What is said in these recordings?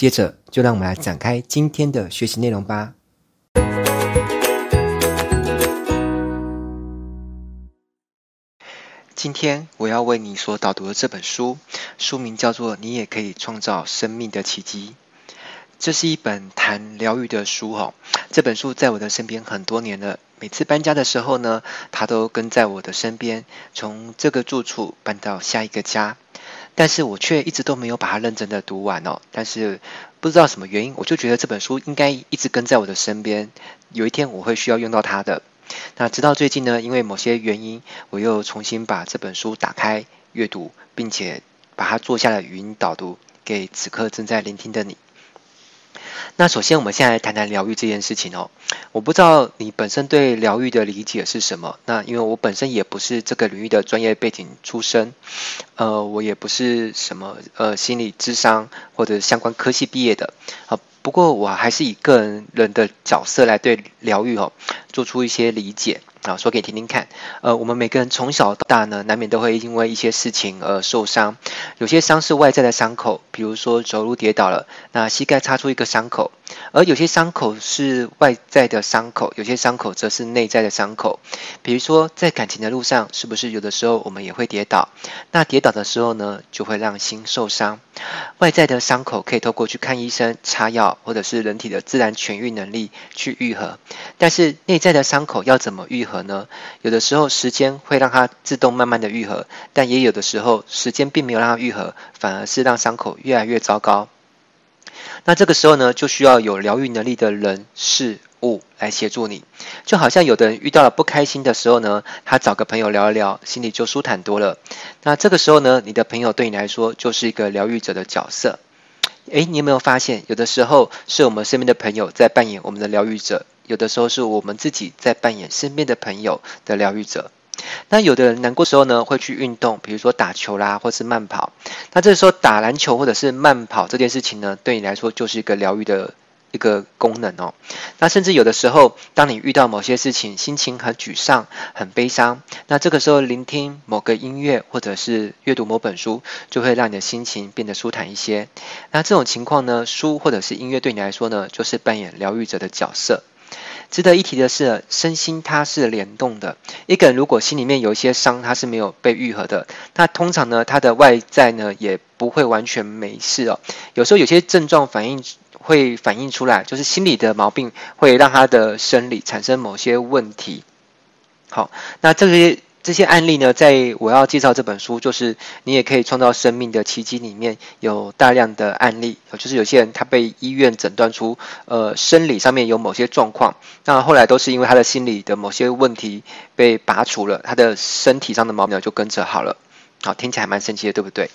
接着，就讓我們來展開今天的學習內容吧。今天我要為你所導讀的這本書，書名叫做《你也可以創造生命的奇迹》。這是一本談療癒的書哦。這本書在我的身邊很多年了，每次搬家的時候呢，它都跟在我的身邊，從這個住處搬到下一個家。但是我卻一直都沒有把它認真的讀完哦，但是不知道什麼原因，我就覺得這本書應該一直跟在我的身邊，有一天我會需要用到它的。那直到最近呢，因為某些原因，我又重新把這本書打開閱讀，並且把它做下了語音導讀，給此刻正在聆聽的你。那首先，我們先來談談療癒這件事情哦。我不知道你本身對療癒的理解是什麼。那因為我本身也不是這個領域的專業背景出身，呃，我也不是什麼呃心理諮商，或者相關科系畢業的啊、呃。不過我還是以個人的角色來對療癒哦做出一些理解。啊，說給你聽聽看。呃，我們每個人從小到大呢，難免都會因為一些事情而受傷。有些傷是外在的傷口，比如說走路跌倒了，那膝蓋擦出一個傷口；而有些傷口是外在的傷口，有些傷口則是內在的傷口。比如說在感情的路上，是不是有的時候我們也會跌倒？那跌倒的時候呢，就會讓心受傷。外在的傷口可以透過去看醫生、擦藥，或者是人體的自然痊癒能力去癒合。但是內在的傷口要怎麼癒合？和呢，有的時候時間會讓它自動慢慢的愈合，但也有的時候時間並沒有讓它愈合，反而是讓傷口越來越糟糕。那這個時候呢，就需要有療癒能力的人事物來協助你。就好像有的人遇到了不開心的時候呢，他找個朋友聊一聊，心裡就舒坦多了。那這個時候呢，你的朋友對你來說就是一個療癒者的角色。誒，你有沒有發現，有的時候是我們身邊的朋友在扮演我們的療癒者？有的時候是我們自己在扮演身邊的朋友的療癒者，那有的人難過時候呢，會去運動，比如說打球啦，或是慢跑。那這個時候打籃球或者是慢跑這件事情呢，對你來說就是一個療癒的一個功能哦。那甚至有的時候，當你遇到某些事情，心情很沮喪、很悲傷，那這個時候聆聽某個音樂或者是閱讀某本書，就會讓你的心情變得舒坦一些。那這種情況呢，書或者是音樂對你來說呢，就是扮演療癒者的角色。值得一提的是，身心它是聯動的。一個人如果心裡面有一些傷，它是沒有被癒合的，那通常呢，他的外在呢也不會完全沒事哦。有時候有些症狀反應會反映出來，就是心理的毛病會讓他的生理產生某些問題。好，那這些。這些案例呢，在我要介紹這本書，就是你也可以創造生命的奇蹟，裡面有大量的案例，就是有些人他被醫院診斷出，呃，生理上面有某些狀況，那後來都是因為他的心理的某些問題被拔除了，他的身體上的毛病就跟着好了。好，聽起來蠻神奇的，對不對？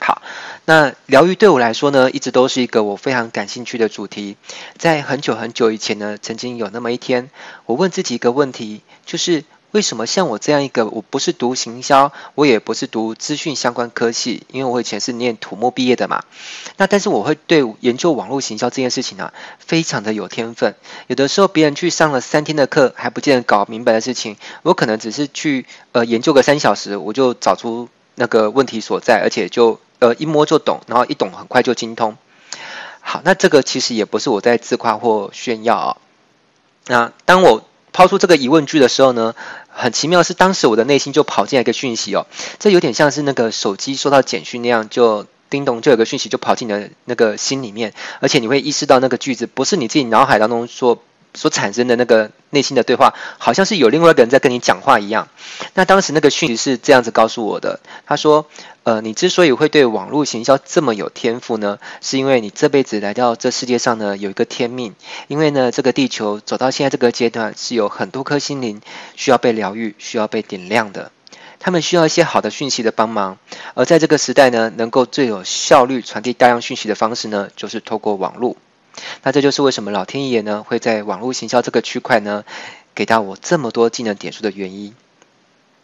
好，那療癒對我來說呢，一直都是一個我非常感興趣的主題。在很久很久以前呢，曾經有那麼一天，我問自己一個問題，就是。為什麼像我這樣一個，我不是讀行銷，我也不是讀資訊相關科系，因為我以前是念土木畢業的嘛。那但是我會對研究網絡行銷這件事情呢、啊，非常的有天分。有的時候別人去上了三天的課還不見得搞明白的事情，我可能只是去呃研究個三小時，我就找出那個問題所在，而且就呃一摸就懂，然後一懂很快就精通。好，那這個其實也不是我在自誇或炫耀啊、哦。那當我。拋出這個疑問句的時候呢，很奇妙的是當時我的內心就跑進來一個訊息哦，這有點像是那個手機收到簡訊那樣，就叮咚，就有個訊息就跑進了那個心裡面，而且你會意識到那個句子不是你自己腦海當中說。所產生的那個內心的對話，好像是有另外一個人在跟你講話一樣。那當時那個訊息是這樣子告訴我的，他說：呃，你之所以會對網絡行銷這麼有天賦呢，是因為你這輩子來到這世界上呢，有一個天命。因為呢，這個地球走到現在這個階段，是有很多顆心靈需要被療癒、需要被點亮的。他們需要一些好的訊息的幫忙，而在這個時代呢，能夠最有效率傳遞大量訊息的方式呢，就是透過網絡。那這就是為什麼老天爺呢，會在網絡行銷這個區塊呢，給到我這麼多技能點數的原因。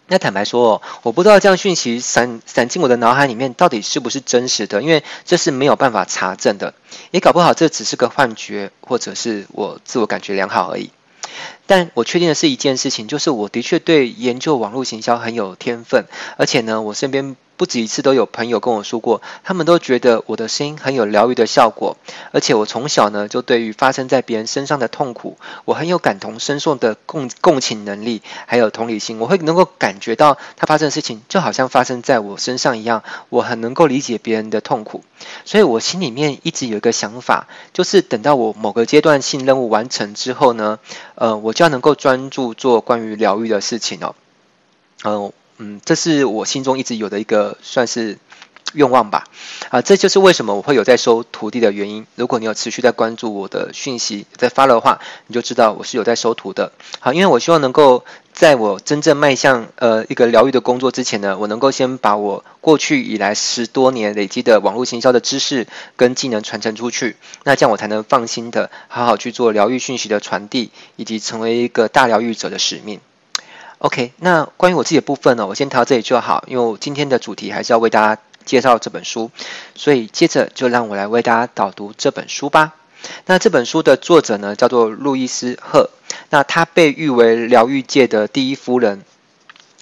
那坦白說，我不知道這樣訊息閃閃進我的腦海裡面到底是不是真實的，因為這是沒有辦法查證的，也搞不好這只是個幻覺，或者是我自我感覺良好而已。但我確定的是一件事情，就是我的確對研究網絡行銷很有天分，而且呢，我身邊。不止一次都有朋友跟我說過，他們都覺得我的聲音很有療癒的效果。而且我從小呢，就對於發生在別人身上的痛苦，我很有感同身受的共共情能力，還有同理心。我會能夠感覺到他發生的事情，就好像發生在我身上一樣。我很能夠理解別人的痛苦，所以我心裡面一直有一個想法，就是等到我某個階段性任務完成之後呢，呃，我就要能夠專注做關於療癒的事情哦。嗯、呃。嗯，這是我心中一直有的一個算是願望吧，啊，這就是為什麼我會有在收徒弟的原因。如果你有持續在關注我的訊息，在 follow 的話，你就知道我是有在收徒的。好，因為我希望能夠在我真正邁向呃一個療癒的工作之前呢，我能夠先把我過去以來十多年累積的網絡行銷的知識跟技能傳承出去，那這樣我才能放心的好好去做療癒訊息的傳遞，以及成為一個大療癒者的使命。OK，那關於我自己的部分呢，我先調到這裡就好，因為我今天的主題還是要為大家介紹這本書，所以接着就讓我來為大家導讀這本書吧。那這本書的作者呢，叫做路易斯·赫，那他被譽為療癒界的第一夫人。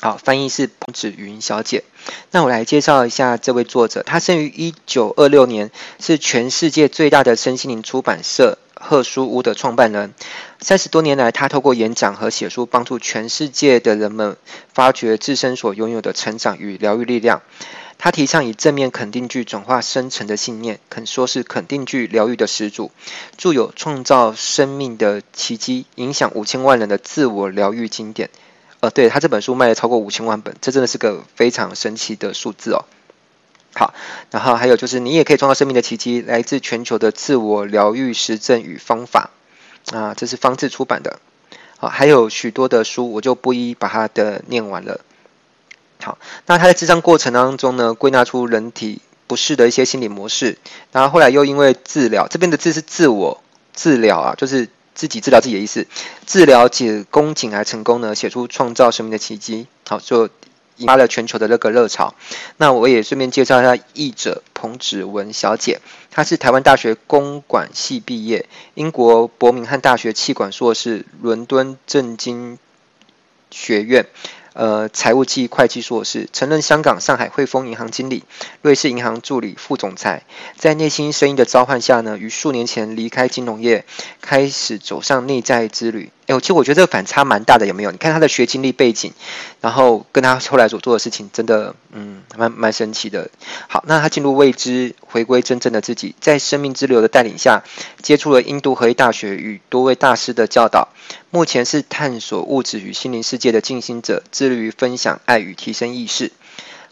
好，翻譯是彭芷云小姐。那我來介紹一下這位作者，他生於一九二六年，是全世界最大的身心靈出版社，赫書屋的創辦人，三十多年來，他透過演講和寫書，幫助全世界的人們發掘自身所擁有的成長與療癒力量。他提倡以正面肯定句轉化深層的信念，肯說是肯定句療癒的始祖。著有《創造生命的奇跡》，影響五千萬人的自我療癒經典。呃，對，他這本書賣了超過五千萬本，這真的是個非常神奇的數字哦。好，然後還有就是，你也可以創造生命的奇蹟。來自全球的自我療癒實證與方法啊，這是方智出版的。好，還有許多的書，我就不一一把它的念完了。好，那他在諮商過程當中呢，歸納出人體不適的一些心理模式。然後後來又因為治療，這邊的字是自我治療啊，就是自己治療自己的意思。治療解宮頸癌成功呢，寫出創造生命的奇蹟。好，就。引發了全球的那個熱潮，那我也順便介紹一下譯者彭芷文小姐，她是台灣大學公管系畢業，英國伯明翰大學氣管碩士，倫敦政經學院，呃，財務系會計碩士，曾任香港上海匯豐銀行經理，瑞士銀行助理副總裁，在內心聲音的召喚下呢，於數年前離開金融業，開始走上內在之旅。其實我覺得這個反差蠻大的，有沒有？你看他的學經歷背景，然後跟他後來所做的事情，真的，嗯，蠻蠻神奇的。好，那他進入未知，回歸真正的自己，在生命之流的帶領下，接觸了印度合一大學與多位大師的教導，目前是探索物質與心靈世界的進行者，致力於分享愛與提升意識。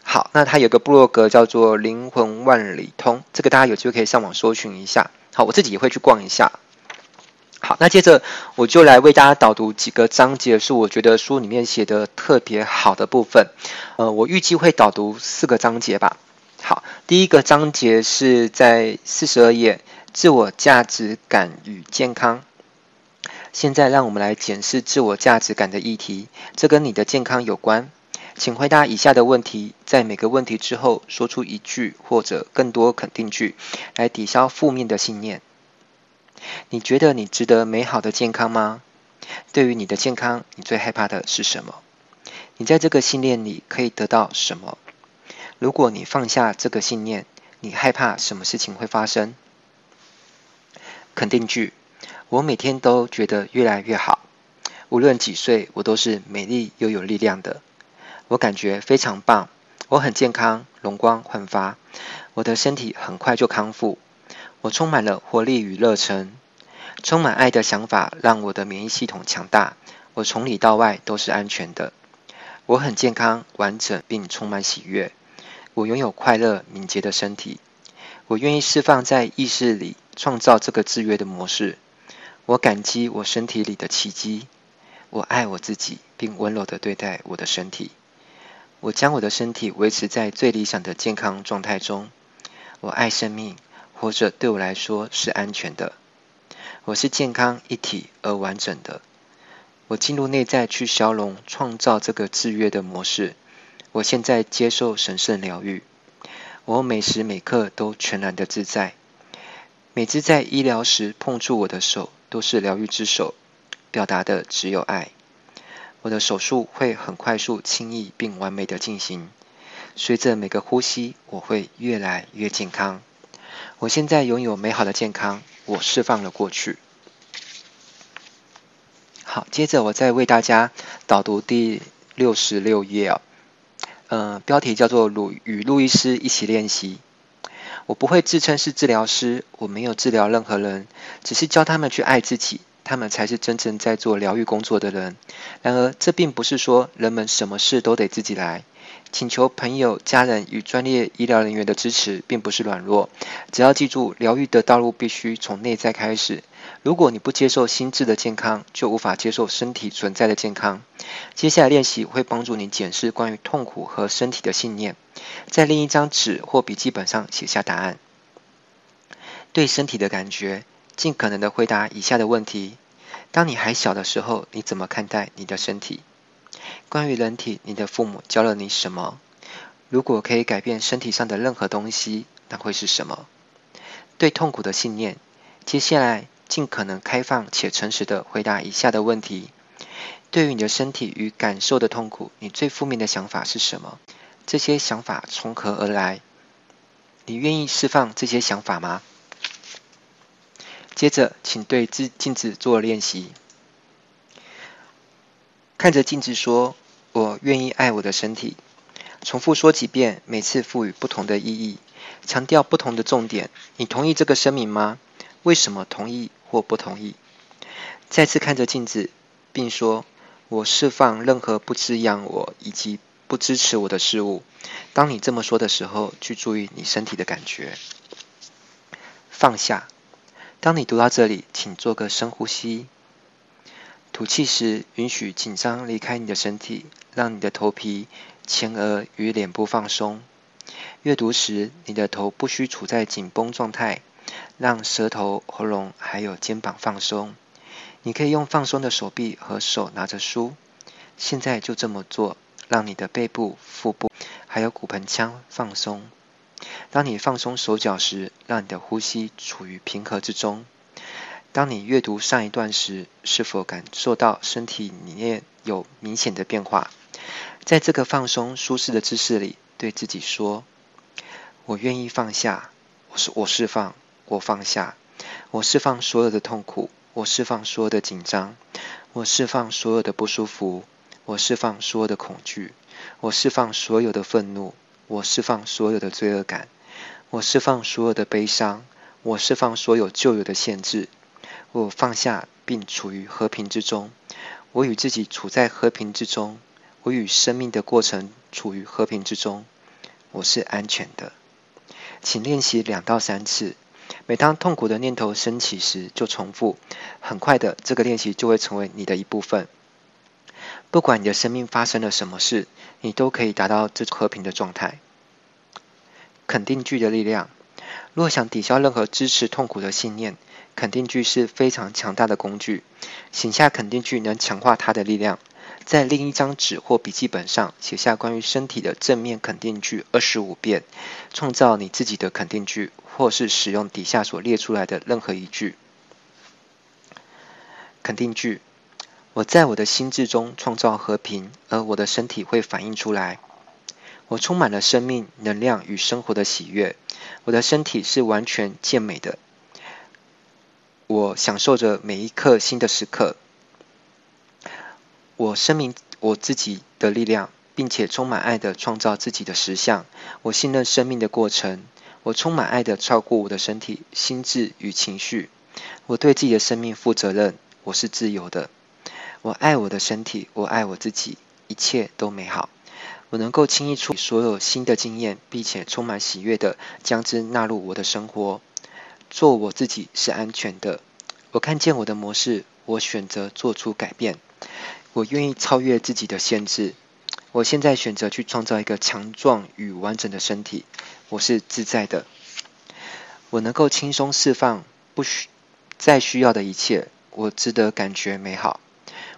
好，那他有個部落格叫做《靈魂萬里通》，這個大家有機會可以上網搜尋一下。好，我自己也會去逛一下。好，那接着我就來為大家導讀幾個章節，是我覺得書裡面寫的特別好的部分。呃，我預計會導讀四個章節吧。好，第一個章節是在四十二頁，自我價值感與健康。現在讓我們來檢視自我價值感的議題，這跟你的健康有關。請回答以下的問題，在每個問題之後說出一句或者更多肯定句，來抵消負面的信念。你覺得你值得美好的健康嗎？對於你的健康，你最害怕的是什麼？你在這個信念裡可以得到什麼？如果你放下這個信念，你害怕什麼事情會發生？肯定句：我每天都覺得越來越好。無論幾歲，我都是美麗又有力量的。我感覺非常棒。我很健康，容光煥發。我的身體很快就康復。我充滿了活力與熱忱，充滿愛的想法讓我的免疫系統強大。我從裡到外都是安全的，我很健康、完整，並充滿喜悅。我擁有快樂、敏捷的身體。我願意釋放在意識裡創造這個制約的模式。我感激我身體裡的奇蹟。我愛我自己，並溫柔地對待我的身體。我將我的身體維持在最理想的健康狀態中。我愛生命。活着對我來說是安全的。我是健康、一體而完整的。我進入內在去消融、創造這個制約的模式。我現在接受神聖療癒。我每時每刻都全然的自在。每次在醫療時碰觸我的手都是療癒之手，表達的只有愛。我的手術會很快速、輕易並完美的進行。隨着每個呼吸，我會越來越健康。我現在擁有美好的健康，我釋放了過去。好，接着我再為大家導讀第六十六頁，呃，標題叫做《魯與路易斯一起練習》。我不會自稱是治療師，我沒有治療任何人，只是教他們去愛自己，他們才是真正在做療癒工作的人。然而，這並不是說人們什麼事都得自己來。請求朋友、家人與專業醫療人員的支持，並不是軟弱。只要記住，療癒的道路必須從內在開始。如果你不接受心智的健康，就無法接受身體存在的健康。接下來練習會幫助你檢視關於痛苦和身體的信念。在另一張紙或筆記本上寫下答案。對身體的感覺，盡可能的回答以下的問題：當你還小的時候，你怎麼看待你的身體？關於人體，你的父母教了你什麼？如果可以改變身體上的任何東西，那會是什麼？對痛苦的信念。接下來，盡可能開放且誠實地回答以下的問題：對於你的身體與感受的痛苦，你最負面的想法是什麼？這些想法從何而來？你願意釋放這些想法嗎？接着，請對鏡子做練習。看着鏡子說，說我願意愛我的身體，重複說幾遍，每次賦予不同的意義，強調不同的重點。你同意這個聲明嗎？為什麼同意或不同意？再次看着鏡子，並說我釋放任何不滋養我以及不支持我的事物。當你這麼說的時候，去注意你身體的感覺，放下。當你讀到這裡，請做個深呼吸。吐氣時，允許緊張離開你的身體，讓你的頭皮、前額與臉部放鬆。閱讀時，你的頭不需處在緊繃狀態，讓舌頭、喉嚨還有肩膀放鬆。你可以用放鬆的手臂和手拿着書。現在就這麼做，讓你的背部、腹部還有骨盆腔放鬆。當你放鬆手腳時，讓你的呼吸處於平和之中。當你閱讀上一段時，是否感受到身體裡面有明顯的變化？在這個放鬆、舒適的姿勢裡，對自己說：“我願意放下，我釋我釋放，我放下，我釋放所有的痛苦，我釋放所有的緊張，我釋放所有的不舒服，我釋放所有的恐懼，我釋放所有的憤怒，我釋放所有的罪惡感，我釋放所有的悲傷，我釋放所有舊有的限制。”我放下，並處於和平之中。我與自己處在和平之中。我與生命的過程處於和平之中。我是安全的。請練習兩到三次。每當痛苦的念頭升起時，就重複。很快的，這個練習就會成為你的一部分。不管你的生命發生了什麼事，你都可以達到這和平的狀態。肯定句的力量。若想抵消任何支持痛苦的信念。肯定句是非常強大的工具，寫下肯定句能強化它的力量。在另一張紙或筆記本上寫下關於身體的正面肯定句二十五遍，創造你自己的肯定句，或是使用底下所列出來的任何一句。肯定句，我在我的心智中創造和平，而我的身體會反映出來。我充滿了生命、能量與生活的喜悅。我的身體是完全健美的。我享受着每一刻新的時刻。我聲明我自己的力量，並且充滿愛的創造自己的實相。我信任生命的過程。我充滿愛的照顧我的身體、心智與情緒。我對自己的生命負責任。我是自由的。我愛我的身體，我愛我自己，一切都美好。我能夠輕易處理所有新的經驗，並且充滿喜悅的將之納入我的生活。做我自己是安全的，我看見我的模式，我選擇做出改變，我願意超越自己的限制，我現在選擇去創造一個強壯與完整的身體，我是自在的，我能夠輕鬆釋放不需再需要的一切，我值得感覺美好，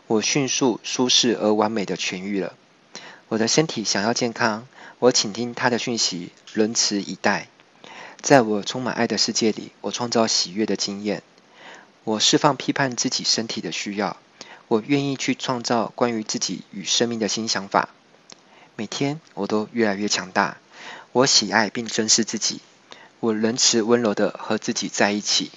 我迅速舒適而完美的痊癒了，我的身體想要健康，我傾聽它的訊息，仁慈以待。在我充滿愛的世界裡，我創造喜悅的經驗。我釋放批判自己身體的需要。我願意去創造關於自己與生命的新想法。每天我都越來越強大。我喜愛並珍視自己。我仁慈溫柔的和自己在一起。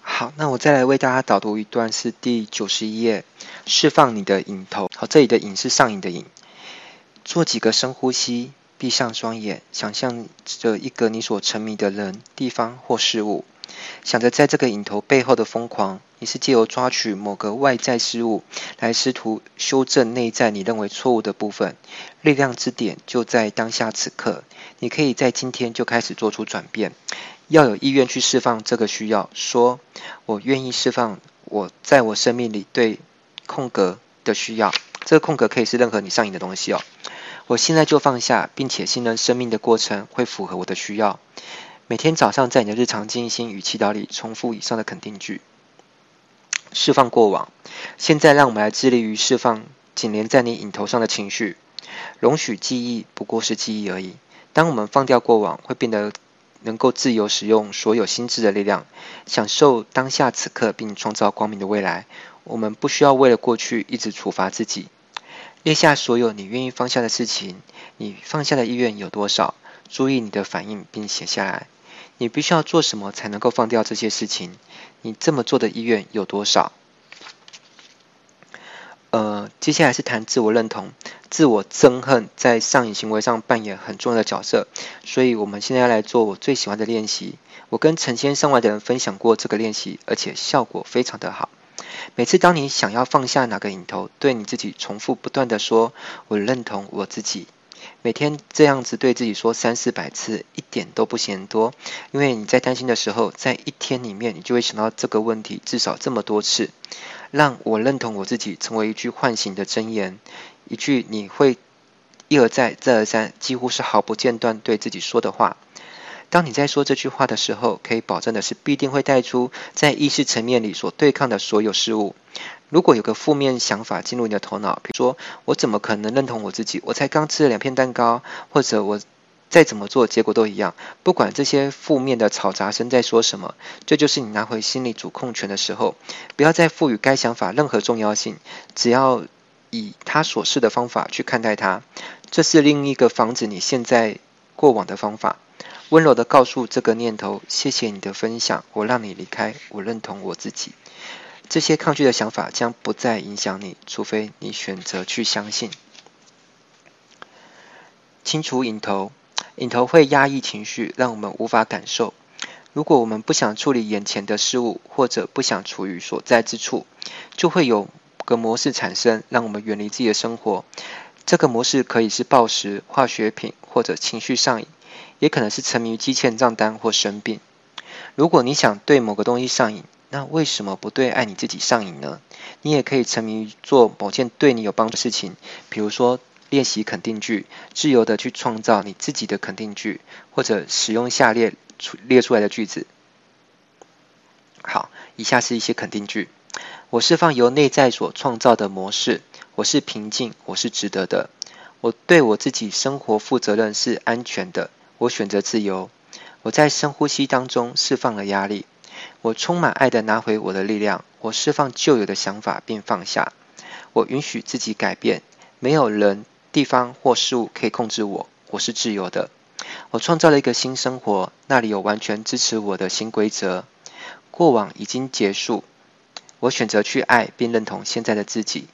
好，那我再來為大家導讀一段，是第九十一頁，釋放你的癮頭。好，這裡的癮是上癮的癮。做幾個深呼吸，閉上雙眼，想象着一個你所沉迷的人、地方或事物，想着在這個癮頭背後的瘋狂。你是借由抓取某個外在事物，來試圖修正內在你認為錯誤的部分。力量之點就在當下此刻，你可以在今天就開始做出轉變，要有意願去釋放這個需要，說我願意釋放我在我生命裡對空格的需要。這個空格可以是任何你上癮的東西哦。我現在就放下，並且信任生命的過程會符合我的需要。每天早上在你的日常靜心與祈禱裡，重複以上的肯定句，釋放過往。現在，讓我們來致力於釋放緊連在你影頭上的情緒，容許記憶不過是記憶而已。當我們放掉過往，會變得能夠自由使用所有心智的力量，享受當下此刻，並創造光明的未來。我們不需要為了過去一直處罰自己。列下所有你願意放下的事情，你放下的意願有多少？注意你的反應，並寫下來。你必須要做什麼才能夠放掉這些事情？你這麼做的意願有多少？呃，接下來是談自我認同、自我憎恨在上癮行為上扮演很重要的角色。所以我們現在要來做我最喜歡的練習。我跟成千上萬的人分享過這個練習，而且效果非常的好。每次當你想要放下哪個影頭，對你自己重複不斷地說“我認同我自己”，每天這樣子對自己說三四百次，一點都不嫌多。因為你在擔心的時候，在一天裡面，你就會想到這個問題至少這麼多次。讓我認同我自己，成為一句喚醒的箴言，一句你會一而再，再而三，幾乎是毫不間斷對自己說的話。當你在說這句話的時候，可以保證的是，必定會帶出在意識層面裡所對抗的所有事物。如果有個負面想法進入你的頭腦，比如說“我怎麼可能認同我自己？我才剛吃了兩片蛋糕，或者我再怎麼做結果都一樣”，不管這些負面的吵雜聲在說什麼，這就是你拿回心理主控權的時候。不要再賦予該想法任何重要性，只要以他所示的方法去看待它。這是另一個防止你現在過往的方法。溫柔的告訴這個念頭：“謝謝你的分享，我讓你離開，我認同我自己。這些抗拒的想法將不再影響你，除非你選擇去相信。”清除癮頭，癮頭會壓抑情緒，讓我們無法感受。如果我們不想處理眼前的事物，或者不想處於所在之處，就會有個模式產生，讓我們遠離自己的生活。這個模式可以是暴食、化學品或者情緒上癮。也可能是沉迷於積欠賬單或生病。如果你想對某個東西上癮，那為什麼不對愛你自己上癮呢？你也可以沉迷於做某件對你有幫助的事情，比如說練習肯定句，自由的去創造你自己的肯定句，或者使用下列出列出來的句子。好，以下是一些肯定句：我釋放由內在所創造的模式；我是平靜；我是值得的；我對我自己生活負責任；是安全的。我選擇自由，我在深呼吸當中釋放了壓力。我充滿愛的拿回我的力量。我釋放舊有的想法並放下。我允許自己改變。沒有人、地方或事物可以控制我。我是自由的。我創造了一個新生活，那裡有完全支持我的新規則。過往已經結束。我選擇去愛並認同現在的自己。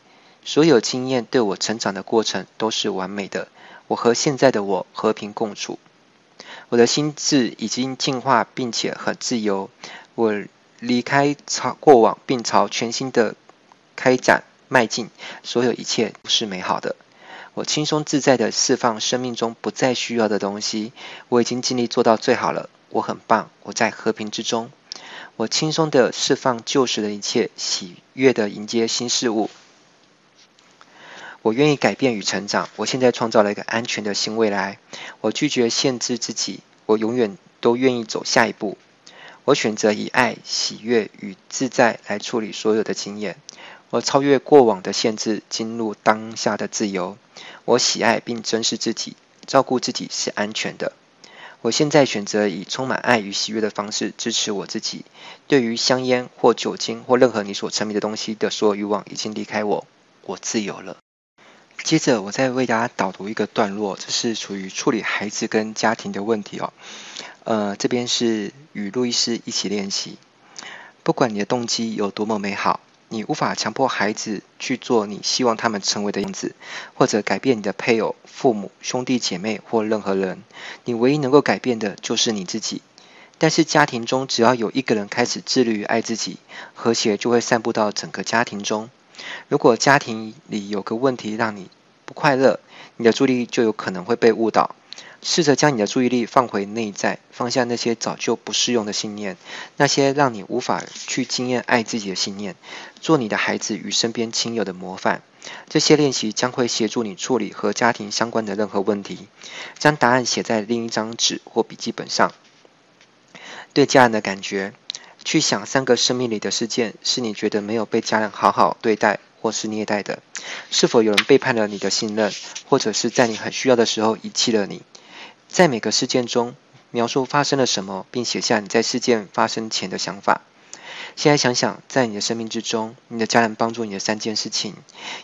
所有經驗對我成長的過程都是完美的。我和現在的我和平共處。我的心智已經進化，並且很自由。我離開過往，並朝全新的開展邁進。所有一切都是美好的。我輕鬆自在的釋放生命中不再需要的東西。我已經盡力做到最好了。我很棒。我在和平之中。我輕鬆的釋放舊時的一切，喜悅的迎接新事物。我願意改變與成長。我現在創造了一個安全的新未來。我拒絕限制自己。我永遠都願意走下一步。我選擇以愛、喜悅與自在來處理所有的經驗。我超越過往的限制，進入當下的自由。我喜愛並珍視自己，照顧自己是安全的。我現在選擇以充滿愛與喜悅的方式支持我自己。對於香煙或酒精或任何你所沉迷的東西的所有慾望，已經離開我，我自由了。接着，我再為大家導讀一個段落，這是處於處理孩子跟家庭的問題哦。呃，這邊是與路易斯一起練習。不管你的動機有多麼美好，你無法強迫孩子去做你希望他們成為的樣子，或者改變你的配偶、父母、兄弟姐妹或任何人。你唯一能夠改變的就是你自己。但是，家庭中只要有一個人開始自律、愛自己，和諧就會散布到整個家庭中。如果家庭裡有個問題讓你不快樂，你的注意力就有可能會被誤導。試着將你的注意力放回內在，放下那些早就不適用的信念，那些讓你無法去經驗愛自己的信念。做你的孩子與身邊親友的模範，這些練習將會協助你處理和家庭相關的任何問題。將答案寫在另一張紙或筆記本上。對家人的感覺。去想三個生命裡的事件，是你覺得沒有被家人好好對待或是虐待的。是否有人背叛了你的信任，或者是在你很需要的時候遺棄了你？在每個事件中，描述發生了什麼，並寫下你在事件發生前的想法。現在想想，在你的生命之中，你的家人幫助你的三件事情，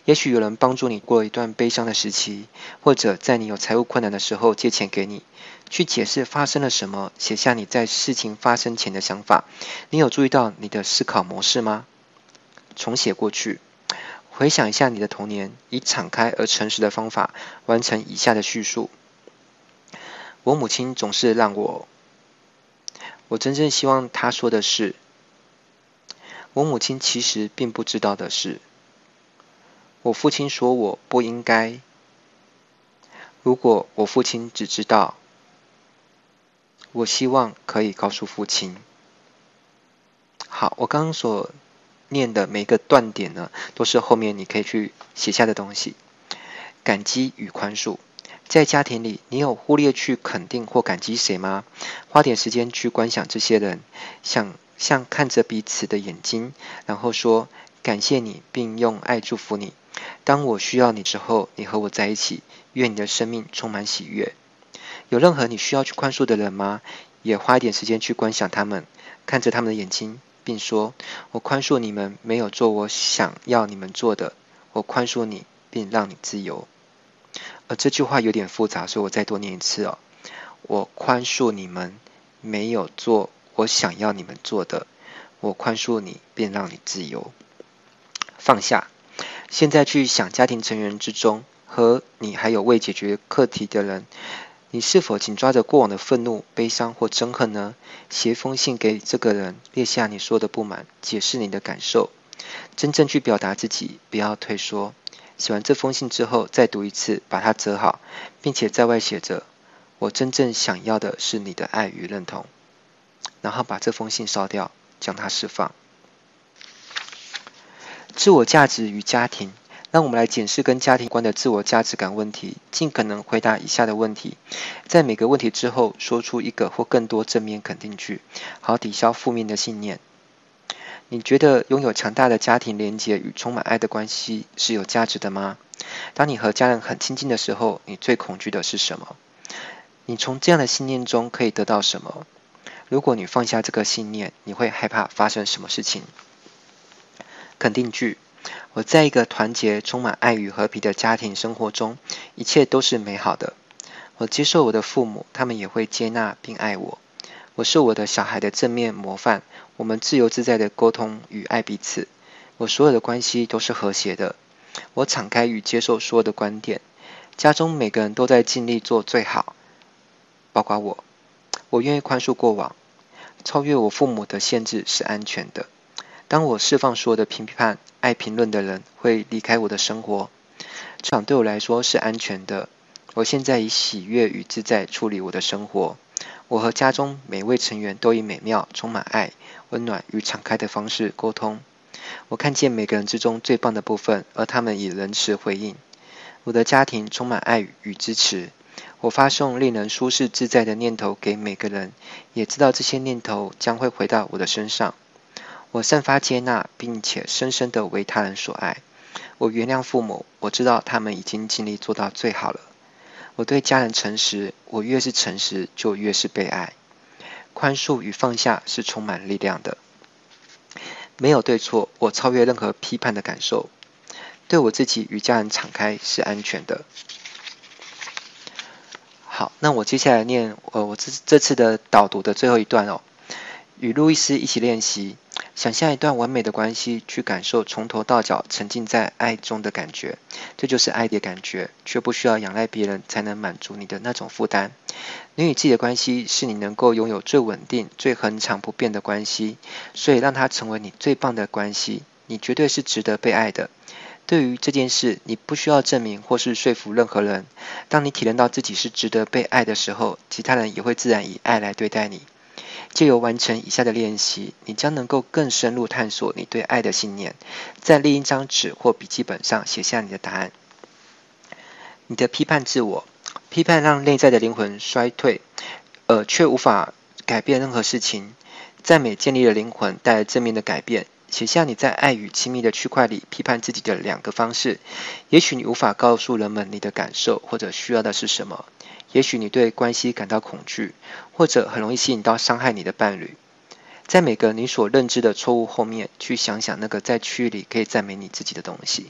也許有人幫助你過一段悲傷的時期，或者在你有財務困難的時候借錢給你。去解釋發生了什麼，寫下你在事情發生前的想法。你有注意到你的思考模式嗎？重寫過去，回想一下你的童年，以敞開而誠實的方法完成以下的敘述。我母親總是讓我，我真正希望她說的是。我母親其實並不知道的是，我父親說我不應該。如果我父親只知道，我希望可以告訴父親。好，我剛剛所念的每一個斷點呢，都是後面你可以去寫下的東西。感激與寬恕，在家庭裡，你有忽略去肯定或感激誰嗎？花點時間去觀想這些人，像。像看着彼此的眼睛，然後說感謝你，並用愛祝福你。當我需要你之後，你和我在一起。願你的生命充滿喜悅。有任何你需要去寬恕的人嗎？也花一點時間去觀想他們，看着他們的眼睛，並說：“我寬恕你們沒有做我想要你們做的。”我寬恕你，並讓你自由。而這句話有點複雜，所以我再多念一次哦。我寬恕你們沒有做。我想要你們做的，我寬恕你，便讓你自由放下。現在去想家庭成員之中和你還有未解決課題的人，你是否緊抓着過往的憤怒、悲傷或憎恨呢？寫封信給這個人，列下你說的不滿，解釋你的感受，真正去表達自己，不要退縮。寫完這封信之後，再讀一次，把它折好，並且在外寫着：“我真正想要的是你的愛與認同。”然後把這封信燒掉，將它釋放。自我價值與家庭，讓我們來檢視跟家庭關的自我價值感問題。盡可能回答以下的問題，在每個問題之後說出一個或更多正面肯定句，好抵消負面的信念。你覺得擁有強大的家庭連結與充滿愛的關係是有價值的嗎？當你和家人很親近的時候，你最恐懼的是什麼？你從這樣的信念中可以得到什麼？如果你放下這個信念，你會害怕發生什麼事情？肯定句：我在一個團結、充滿愛與和平的家庭生活中，一切都是美好的。我接受我的父母，他們也會接納並愛我。我是我的小孩的正面模範，我們自由自在的溝通與愛彼此。我所有的關係都是和諧的。我敞開與接受所有的觀點。家中每個人都在盡力做最好，包括我。我願意寬恕過往，超越我父母的限制是安全的。當我釋放所有的評判，愛評論的人會離開我的生活，這場對我來說是安全的。我現在以喜悅與自在處理我的生活，我和家中每位成員都以美妙、充滿愛、溫暖與敞開的方式溝通。我看見每個人之中最棒的部分，而他們以仁慈回應。我的家庭充滿愛與支持。我發送令人舒適自在的念頭給每個人，也知道這些念頭將會回到我的身上。我散發接納，並且深深地為他人所愛。我原諒父母，我知道他們已經盡力做到最好了。我對家人誠實，我越是誠實，就越是被愛。寬恕與放下是充滿力量的。沒有對錯，我超越任何批判的感受。對我自己與家人敞開是安全的。好，那我接下來念，呃，我這這次的導讀的最後一段哦。與路易斯一起練習，想象一段完美的關係，去感受從頭到腳沉浸在愛中的感覺。這就是愛的感覺，卻不需要仰賴別人才能滿足你的那種負擔。你與自己的關係是你能夠擁有最穩定、最恆常不變的關係，所以讓它成為你最棒的關係。你絕對是值得被愛的。對於這件事，你不需要證明或是說服任何人。當你體驗到自己是值得被愛的時候，其他人也會自然以愛來對待你。借由完成以下的練習，你將能夠更深入探索你對愛的信念。在另一張紙或筆記本上寫下你的答案。你的批判自我，批判讓內在的靈魂衰退，呃，卻無法改變任何事情。讚美建立了靈魂，帶來正面的改變。寫下你在愛與親密的區塊裡批判自己的兩個方式。也許你無法告訴人們你的感受，或者需要的是什麼。也許你對關係感到恐懼，或者很容易吸引到傷害你的伴侶。在每個你所認知的錯誤後面，去想想那個在區域裡可以讚美你自己的東西。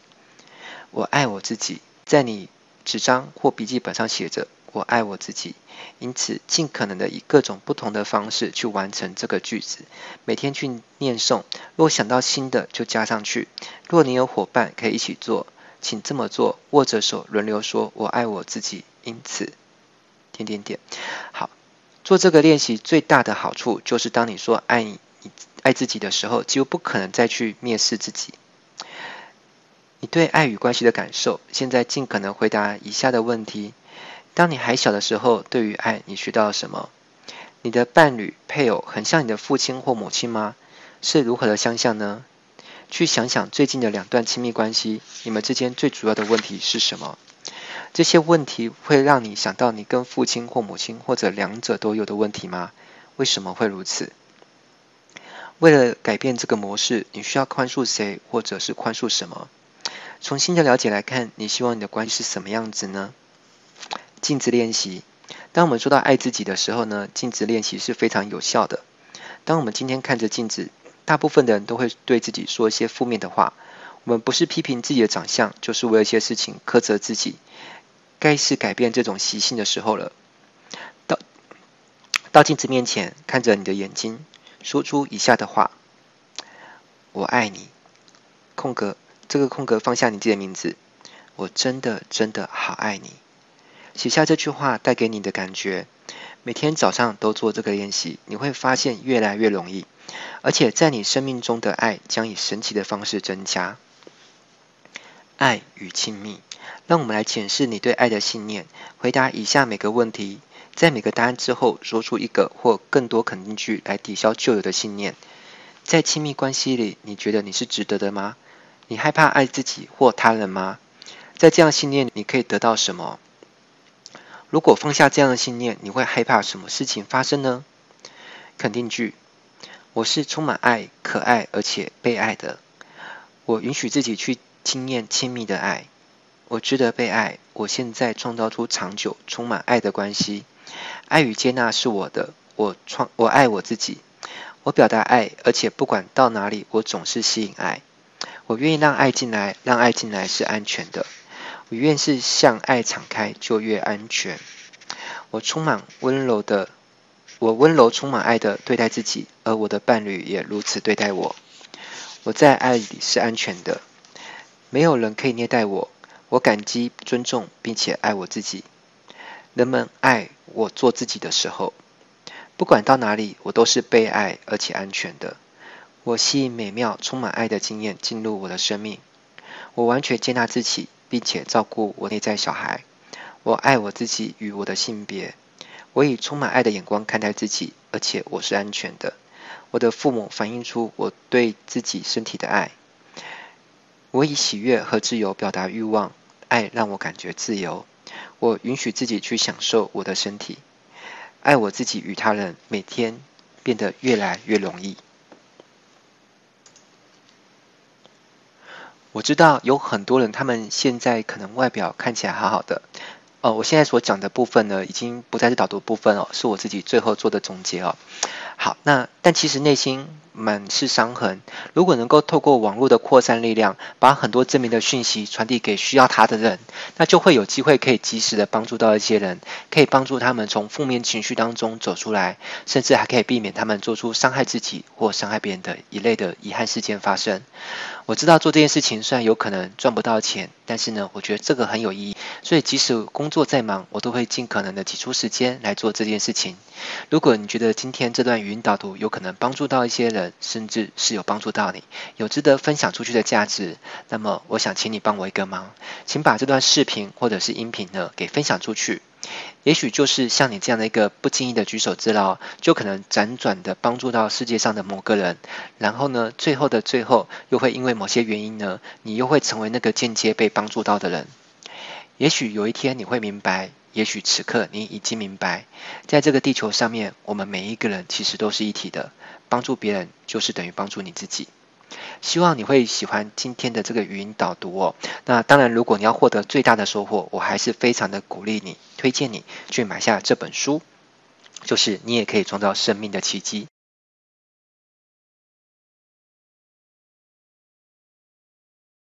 我愛我自己，在你紙張或筆記本上寫着。我愛我自己，因此盡可能的以各種不同的方式去完成這個句子。每天去念誦，若想到新的就加上去。若你有夥伴可以一起做，請這麼做，握着手輪流說：“我愛我自己。”因此，點點點。好，做這個練習最大的好處就是，當你說“愛你”、“愛自己”的時候，幾乎不可能再去蔑視自己。你對愛與關係的感受，現在盡可能回答以下的問題。當你還小的時候，對於愛，你學到了什麼？你的伴侶、配偶很像你的父親或母親嗎？是如何的相像呢？去想想最近的兩段親密關係，你們之間最主要的問題是什麼？這些問題會讓你想到你跟父親或母親或者兩者都有的問題嗎？為什麼會如此？為了改變這個模式，你需要寬恕誰，或者是寬恕什麼？從新的了解來看，你希望你的關係是什麼樣子呢？鏡子練習。當我們說到愛自己的時候呢，鏡子練習是非常有效的。當我們今天看着鏡子，大部分的人都會對自己說一些負面的話。我們不是批評自己的長相，就是為了一些事情苛責自己。該是改變這種習性的時候了。到到鏡子面前，看着你的眼睛，說出以下的話：“我愛你。”空格，這個空格放下你自己的名字。我真的真的好愛你。寫下這句話帶給你的感覺。每天早上都做這個練習，你會發現越來越容易。而且在你生命中的愛將以神奇的方式增加。愛與親密，讓我們來檢視你對愛的信念。回答以下每個問題，在每個答案之後說出一個或更多肯定句來抵消舊有的信念。在親密關係裡，你覺得你是值得的嗎？你害怕愛自己或他人嗎？在這樣信念，你可以得到什麼？如果放下這樣的信念，你會害怕什麼事情發生呢？肯定句：我是充滿愛、可愛而且被愛的。我允許自己去經驗親密的愛。我值得被愛。我現在創造出長久充滿愛的關係。愛與接納是我的。我創，我愛我自己。我表達愛，而且不管到哪裡，我總是吸引愛。我願意讓愛進來，讓愛進來是安全的。我越是向愛敞開，就越安全。我充滿溫柔的，我溫柔充滿愛的對待自己，而我的伴侶也如此對待我。我在愛裡是安全的，沒有人可以虐待我。我感激、尊重並且愛我自己。人們愛我做自己的時候，不管到哪裡，我都是被愛而且安全的。我吸引美妙、充滿愛的經驗進入我的生命。我完全接納自己。並且照顧我內在小孩。我愛我自己與我的性別。我以充滿愛的眼光看待自己，而且我是安全的。我的父母反映出我對自己身體的愛。我以喜悅和自由表達慾望。愛讓我感覺自由。我允許自己去享受我的身體。愛我自己與他人，每天變得越來越容易。我知道有很多人，他們現在可能外表看起來好好的。哦，我現在所講的部分呢，已經不再是導讀部分哦，是我自己最後做的總結哦。好，那但其實內心滿是傷痕。如果能夠透過網絡的擴散力量，把很多正面的訊息傳遞給需要他的人，那就會有機會可以及時的幫助到一些人，可以幫助他們從負面情緒當中走出來，甚至還可以避免他們做出傷害自己或傷害別人的一類的遺憾事件發生。我知道做這件事情雖然有可能賺不到錢，但是呢，我覺得這個很有意義。所以，即使工作再忙，我都會盡可能的擠出時間來做這件事情。如果你覺得今天這段語音導讀有可能幫助到一些人，甚至是有幫助到你，有值得分享出去的價值，那麼我想請你幫我一個忙，請把這段視頻或者是音頻呢給分享出去。也許就是像你這樣的一個不經意的舉手之勞，就可能輾轉的幫助到世界上的某個人。然後呢，最後的最後，又會因為某些原因呢，你又會成為那個間接被幫助到的人。也許有一天你會明白，也許此刻你已經明白，在這個地球上面，我們每一個人其實都是一體的。幫助別人就是等於幫助你自己。希望你會喜歡今天的這個語音導讀哦。那當然，如果你要獲得最大的收穫，我還是非常的鼓勵你、推薦你去買下這本書，就是你也可以創造生命的奇迹。